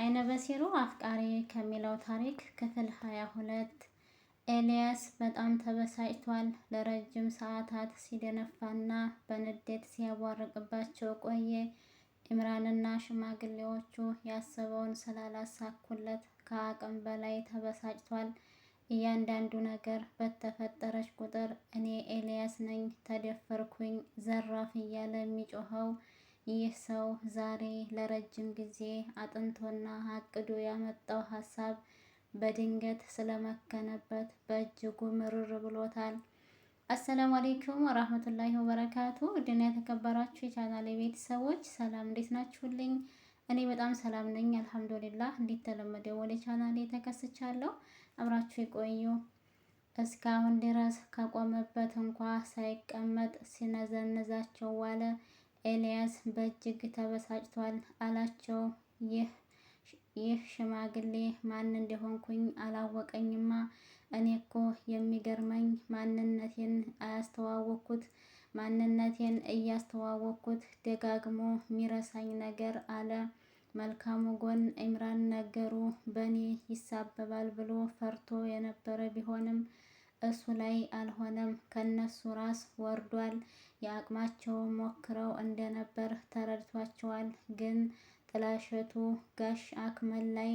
አይነ በሲሩ አፍቃሪ ከሚለው ታሪክ ክፍል ሀያ ሁለት ኤልያስ በጣም ተበሳጭቷል። ለረጅም ሰዓታት ሲደነፋና በንዴት ሲያቧርቅባቸው ቆየ። ኢምራንና ሽማግሌዎቹ ያሰበውን ስላላሳኩለት ከአቅም በላይ ተበሳጭቷል። እያንዳንዱ ነገር በተፈጠረች ቁጥር እኔ ኤልያስ ነኝ፣ ተደፈርኩኝ፣ ዘራፍ እያለ የሚጮኸው ይህ ሰው ዛሬ ለረጅም ጊዜ አጥንቶና አቅዶ ያመጣው ሀሳብ በድንገት ስለመከነበት በእጅጉ ምርር ብሎታል። አሰላሙ አሌይኩም ወራህመቱላሂ ወበረካቱ። ድና የተከበራችሁ የቻናሌ ቤተሰቦች ሰላም፣ እንዴት ናችሁልኝ? እኔ በጣም ሰላም ነኝ አልሐምዱሊላህ። እንደተለመደው ወደ ቻናሌ ተከስቻለሁ። አብራችሁ የቆዩ እስካሁን ድረስ ከቆመበት እንኳ ሳይቀመጥ ሲነዘንዛቸው ዋለ። ኤልያስ በእጅግ ተበሳጭቷል አላቸው። ይህ ሽማግሌ ማን እንደሆንኩኝ አላወቀኝማ። እኔ እኮ የሚገርመኝ ማንነቴን አያስተዋወቅኩት ማንነቴን እያስተዋወቅኩት ደጋግሞ ሚረሳኝ ነገር አለ። መልካሙ ጎን ኢምራን ነገሩ በእኔ ይሳበባል ብሎ ፈርቶ የነበረ ቢሆንም እሱ ላይ አልሆነም፣ ከነሱ ራስ ወርዷል። የአቅማቸውን ሞክረው እንደነበር ተረድቷቸዋል። ግን ጥላሸቱ ጋሽ አክመል ላይ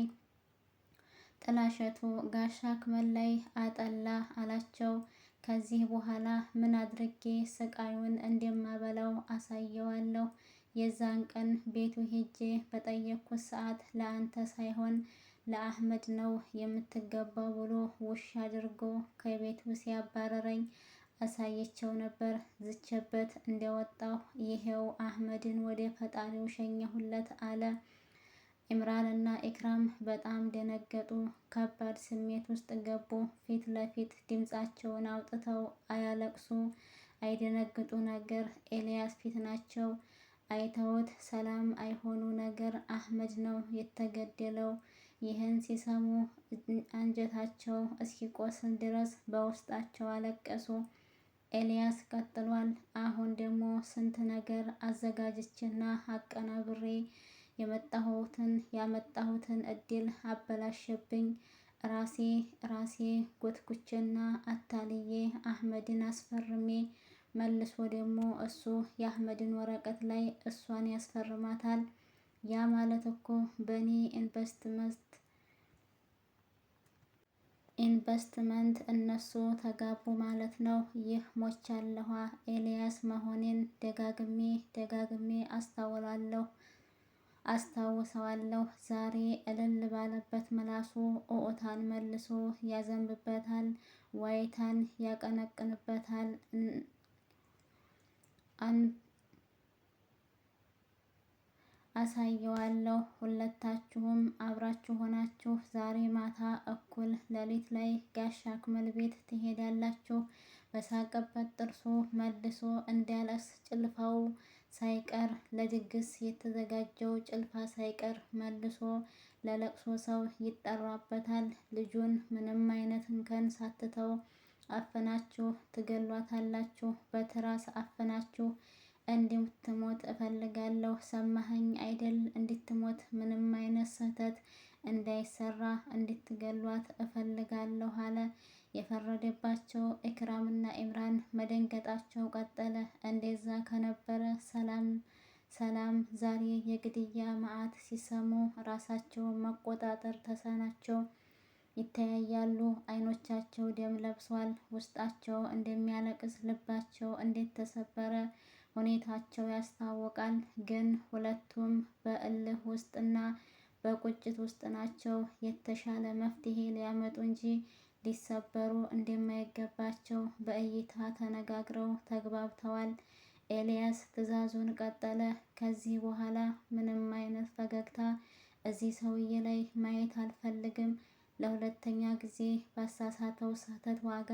ጥላሸቱ ጋሽ አክመል ላይ አጠላ አላቸው። ከዚህ በኋላ ምን አድርጌ ስቃዩን እንደማበላው አሳየዋለሁ። የዛን ቀን ቤቱ ሄጄ በጠየቅኩት ሰዓት ለአንተ ሳይሆን ለአህመድ ነው የምትገባው ብሎ ውሽ አድርጎ ከቤቱ ሲያባረረኝ አሳየቸው ነበር። ዝቸበት እንደወጣሁ ይሄው አህመድን ወደ ፈጣሪው ሸኘሁለት አለ። ኢምራን እና ኢክራም በጣም ደነገጡ። ከባድ ስሜት ውስጥ ገቡ። ፊት ለፊት ድምፃቸውን አውጥተው አያለቅሱ አይደነግጡ ነገር ኤልያስ ፊት ናቸው አይተውት ሰላም አይሆኑ ነገር አህመድ ነው የተገደለው። ይህን ሲሰሙ አንጀታቸው እስኪቆስል ድረስ በውስጣቸው አለቀሱ። ኤልያስ ቀጥሏል። አሁን ደግሞ ስንት ነገር አዘጋጅችና አቀናብሬ የመጣሁትን ያመጣሁትን እድል አበላሸብኝ። ራሴ ራሴ ጎትኩችና አታልዬ አህመድን አስፈርሜ መልሶ ደግሞ እሱ የአህመድን ወረቀት ላይ እሷን ያስፈርማታል። ያ ማለት እኮ በእኔ ኢንቨስትመንት ኢንቨስትመንት እነሱ ተጋቡ ማለት ነው። ይህ ሞቻለኋ ኤልያስ መሆኔን ደጋግሜ ደጋግሜ አስታውላለሁ አስታውሰዋለሁ። ዛሬ እልል ባለበት ምላሱ እኦታን መልሶ ያዘንብበታል፣ ዋይታን ያቀነቅንበታል። አሳየዋለሁ። ሁለታችሁም አብራችሁ ሆናችሁ ዛሬ ማታ እኩል ሌሊት ላይ ጋሽ አክመል ቤት ትሄዳላችሁ። በሳቀበት ጥርሱ መልሶ እንዲያለቅስ ጭልፋው ሳይቀር ለድግስ የተዘጋጀው ጭልፋ ሳይቀር መልሶ ለለቅሶ ሰው ይጠራበታል። ልጁን ምንም አይነት እንከን ሳትተው አፍናችሁ ትገሏታላችሁ። በትራስ አፍናችሁ እንድትሞት እፈልጋለሁ። ሰማኸኝ አይደል? እንድትሞት ምንም አይነት ስህተት እንዳይሰራ እንድትገሏት እፈልጋለሁ አለ። የፈረደባቸው ኢክራምና ኢምራን መደንገጣቸው ቀጠለ። እንደዛ ከነበረ ሰላም ሰላም ዛሬ የግድያ መዓት ሲሰሙ ራሳቸውን መቆጣጠር ተሳናቸው። ይተያያሉ። አይኖቻቸው ደም ለብሷል። ውስጣቸው እንደሚያለቅስ ልባቸው እንዴት ተሰበረ ሁኔታቸው ያስታውቃል። ግን ሁለቱም በእልህ ውስጥና በቁጭት ውስጥ ናቸው። የተሻለ መፍትሄ ሊያመጡ እንጂ ሊሰበሩ እንደማይገባቸው በእይታ ተነጋግረው ተግባብተዋል። ኤልያስ ትዕዛዙን ቀጠለ። ከዚህ በኋላ ምንም አይነት ፈገግታ እዚህ ሰውዬ ላይ ማየት አልፈልግም። ለሁለተኛ ጊዜ ባሳሳተው ስህተት ዋጋ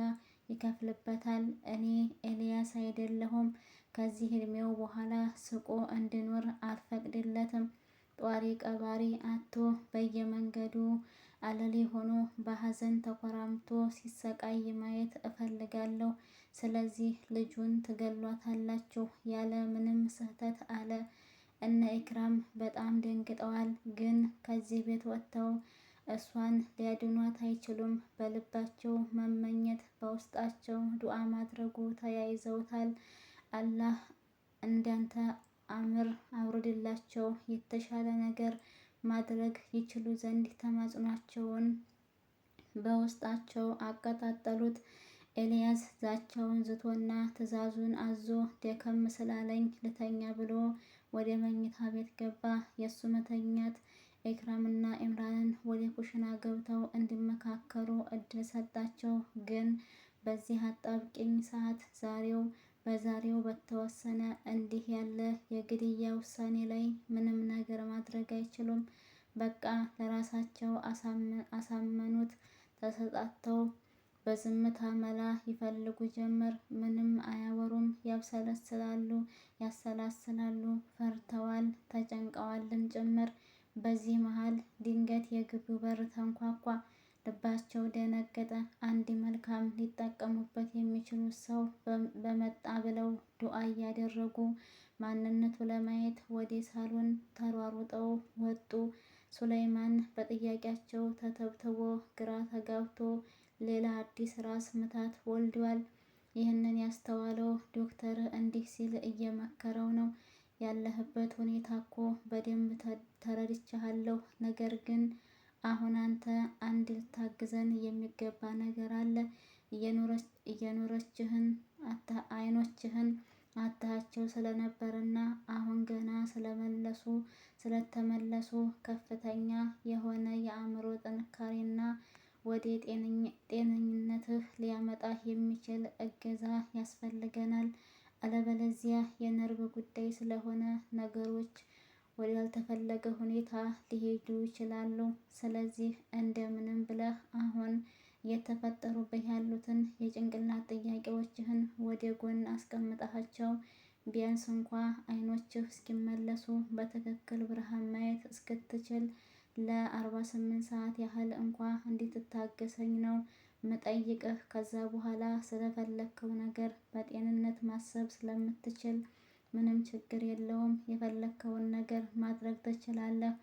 ይከፍልበታል። እኔ ኤልያስ አይደለሁም። ከዚህ እድሜው በኋላ ስቆ እንድኖር አልፈቅድለትም። ጧሪ ቀባሪ አቶ በየመንገዱ አለሌ ሆኖ በሀዘን ተኮራምቶ ሲሰቃይ ማየት እፈልጋለሁ። ስለዚህ ልጁን ትገሏታላችሁ ያለ ምንም ስህተት አለ። እነ ኢክራም በጣም ደንግጠዋል። ግን ከዚህ ቤት ወጥተው እሷን ሊያድኗት አይችሉም። በልባቸው መመኘት፣ በውስጣቸው ዱዓ ማድረጉ ተያይዘውታል። አላህ እንዳንተ አምር አውርድላቸው የተሻለ ነገር ማድረግ ይችሉ ዘንድ ተማጽኗቸውን በውስጣቸው አቀጣጠሉት። ኤልያስ ዛቻውን ዝቶና ትእዛዙን አዞ ደከም ስላለኝ ልተኛ ብሎ ወደ መኝታ ቤት ገባ። የእሱ መተኛት ኤክራምና ኢምራንን ወደ ኩሽና ገብተው እንዲመካከሩ እድል ሰጣቸው። ግን በዚህ አጣብቂኝ ሰዓት ዛሬው በዛሬው በተወሰነ እንዲህ ያለ የግድያ ውሳኔ ላይ ምንም ነገር ማድረግ አይችሉም። በቃ ለራሳቸው አሳመኑት። ተሰጣተው በዝምታ መላ ይፈልጉ ጀመር። ምንም አያወሩም። ያብሰለስላሉ፣ ያሰላስላሉ። ፈርተዋል፣ ተጨንቀዋልም ጭምር። በዚህ መሃል ድንገት የግቢው በር ተንኳኳ። ልባቸው ደነገጠ። አንድ መልካም ሊጠቀሙበት የሚችሉ ሰው በመጣ ብለው ዱዓ እያደረጉ ማንነቱ ለማየት ወደ ሳሎን ተሯሩጠው ወጡ። ሱለይማን በጥያቄያቸው ተተብትቦ ግራ ተጋብቶ ሌላ አዲስ ራስ ምታት ወልዷል። ይህንን ያስተዋለው ዶክተር እንዲህ ሲል እየመከረው ነው። ያለህበት ሁኔታ እኮ በደንብ ተረድቻለሁ፣ ነገር ግን አሁን አንተ አንድ ልታግዘን የሚገባ ነገር አለ። እየኖረችህን አይኖችህን አታቸው ስለነበርና አሁን ገና ስለመለሱ ስለተመለሱ ከፍተኛ የሆነ የአእምሮ ጥንካሬና ወደ ጤነኝነትህ ሊያመጣ የሚችል እገዛ ያስፈልገናል። አለበለዚያ የነርቭ ጉዳይ ስለሆነ ነገሮች ወዳልተፈለገ ሁኔታ ሊሄዱ ይችላሉ። ስለዚህ እንደምንም ብለህ አሁን የተፈጠሩበት ያሉትን የጭንቅላት ጥያቄዎችህን ወደ ጎን አስቀምጠሃቸው ቢያንስ እንኳ አይኖችህ እስኪመለሱ በትክክል ብርሃን ማየት እስክትችል ለ48 ሰዓት ያህል እንኳ እንድትታገሰኝ ነው መጠይቅህ። ከዛ በኋላ ስለፈለግከው ነገር በጤንነት ማሰብ ስለምትችል ምንም ችግር የለውም። የፈለግከውን ነገር ማድረግ ትችላለህ።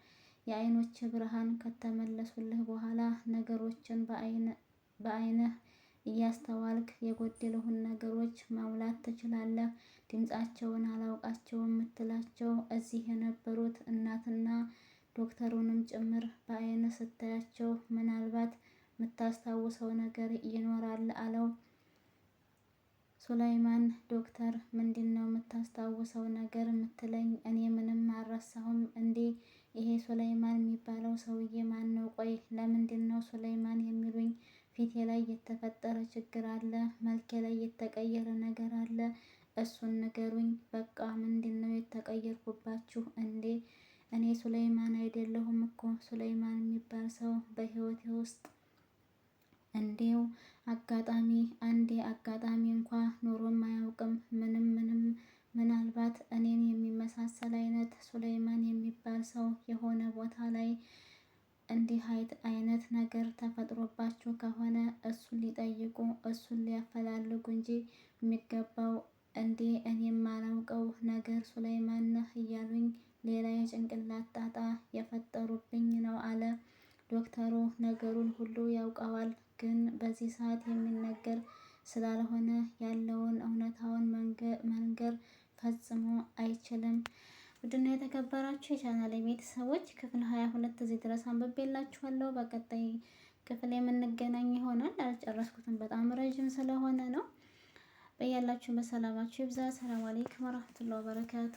የአይኖች ብርሃን ከተመለሱልህ በኋላ ነገሮችን በአይንህ እያስተዋልክ የጎደለውን ነገሮች መሙላት ትችላለህ። ድምፃቸውን አላውቃቸውም የምትላቸው እዚህ የነበሩት እናትና ዶክተሩንም ጭምር በአይን ስታያቸው ምናልባት የምታስታውሰው ነገር ይኖራል አለው። ሱላይማን ዶክተር ምንድን ነው የምታስታውሰው ነገር የምትለኝ? እኔ ምንም አልረሳሁም። እንዴ ይሄ ሱላይማን የሚባለው ሰውዬ ማን ነው? ቆይ ለምንድን ነው ሱላይማን የሚሉኝ? ፊቴ ላይ የተፈጠረ ችግር አለ? መልኬ ላይ የተቀየረ ነገር አለ? እሱን ንገሩኝ። በቃ ምንድን ነው የተቀየርኩባችሁ? እንዴ እኔ ሱላይማን አይደለሁም እኮ ሱላይማን የሚባል ሰው በህይወቴ ውስጥ እንዴው አጋጣሚ አንዴ አጋጣሚ እንኳ ኖሮም አያውቅም። ምንም ምንም ምናልባት እኔን የሚመሳሰል አይነት ሱለይማን የሚባል ሰው የሆነ ቦታ ላይ እንዲህ አይነት ነገር ተፈጥሮባችሁ ከሆነ እሱን ሊጠይቁ እሱን ሊያፈላልጉ እንጂ የሚገባው እንዴ እኔ የማላውቀው ነገር ሱለይማን ነህ እያሉኝ ሌላ የጭንቅላት ጣጣ የፈጠሩብኝ ነው አለ ዶክተሩ። ነገሩን ሁሉ ያውቀዋል ግን በዚህ ሰዓት የሚነገር ስላልሆነ ያለውን እውነታውን መንገር ፈጽሞ አይችልም። ውድና የተከበራችሁ የቻናል ቤተሰቦች ክፍል ሀያ ሁለት እዚህ ድረስ አንብቤላችኋለሁ። በቀጣይ ክፍል የምንገናኝ ይሆናል። አልጨረስኩትም፣ በጣም ረዥም ስለሆነ ነው። በያላችሁ በሰላማችሁ ይብዛ። ሰላም አሌይኩም ወረህመቱላሂ ወበረካቱ።